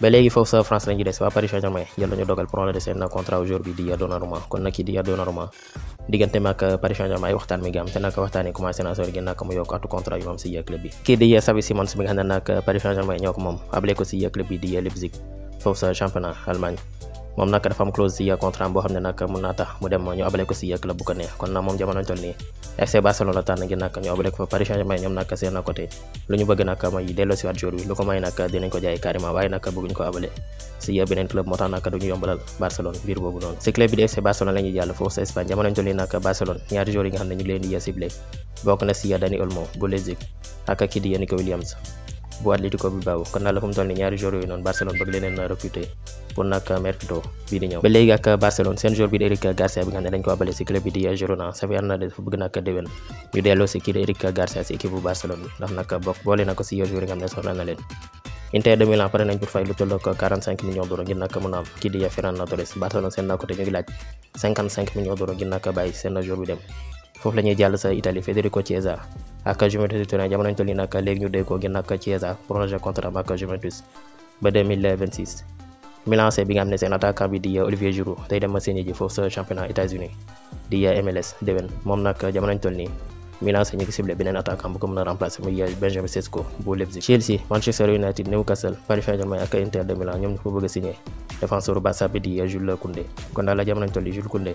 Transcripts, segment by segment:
ba léegi foofu sa France lañu des waa Paris Saint-Germain jël nañu dogal prolongé seen contrat joueur bi di Donnarumma kon nag ki di Donnarumma diggante mag Paris saint ay waxtaan mi nga am te nag waxtaan yi commencé na sori gi nag mu yokk atu contrat yu am si club bi kii di Xavi Simons mi nga xam ne nag Paris saint ñoo ko moom ablé ko si club bi di Leipzig foofu sa championnat Allemagne moom nag dafa am clause si contrat boo xam ne nag mën naa tax mu dem ñu abale ko si club bu ko neex kon nag moom jamono toll nii FC Barcelone la tànn ngir nag ñu abale ko fa Paris ñoom nag seen côté lu ñu bëgg nag mooy delloo si waat jour lu ko may nag dinañ ko jaay carrément waaye nag bëgguñ ko abale si beneen club moo tax nag duñu yombalal Barcelone biir boobu noonu si club bi di FC Barcelone la jàll foofu na si Dani Olmo bu bu Atlético Bilbao kon daal la fu toll nii ñaari joueurs yooyu noonu Barcelone bëgg leneen recruter pour nag mercato bii di ñëw ba léegi ak Barcelone seen joueur bi ñu delloo si kii ngir nag mën seen na côté bi dem foofu la jàll sa Italie Federico Chiesa ak Juventus di Turin jamono ñu toll nii nag léegi ñu déggoo gi nag Chiesa prolongé contrat ak Juventus ba 2026 bi nga xam ne seen attaquant bi di Olivier Giroud tey dem signé ji foofu sa championnat États-Unis di MLS déwén moom nag jamono ñu toll nii Milan ñu ngi ciblé beneen attaquant bu ko mën a remplacer muy Benjamin Sesko bu Leipzig. Chelsea Manchester United Newcastle Paris Saint-Germain ak Inter kon daal la jamono ñu toll nii Jules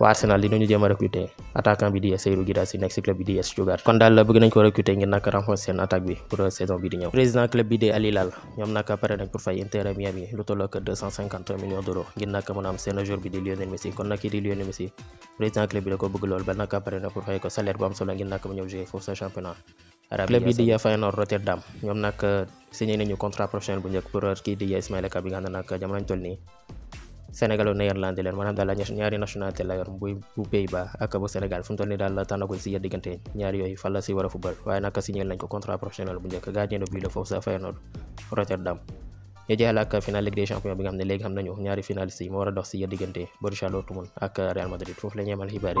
waa Arsenal dinañu jéem a recruter attaquant bi di Seydou Guirassy nekk si club bi di AS Stuttgart kon daal bëgg nañ ko recruter ngir nag renforcer seen attaque bi pour saison bi di lu toll ak 250 millions d'euros ngir nag mën a am bi di Lionel Messi kon club bi da ko bëgg lool ba nag pare na pour fay ko salaire bu am solo ngir nag mu ñëw jouer foofu sa championnat club bi di Feyenoord Rotterdam ñoom nag signé Sénégal ak Néerlande leen maanaam daal ñaari nationalité la bu bu Pays-Bas Sénégal fu toll nii daal tànnagul si ya ñaari yooyu fan si war a fubal waaye nag signé nañ ko contrat professionnel bu njëkk gardien de but foofu sa Feyenoord Rotterdam ñu jeexal ak final Ligue des bi nga xam ne léegi xam nañu ñaari finalistes yi moo war a dox si ya diggante Borussia Dortmund ak Real Madrid foofu la ñuy amal xibaar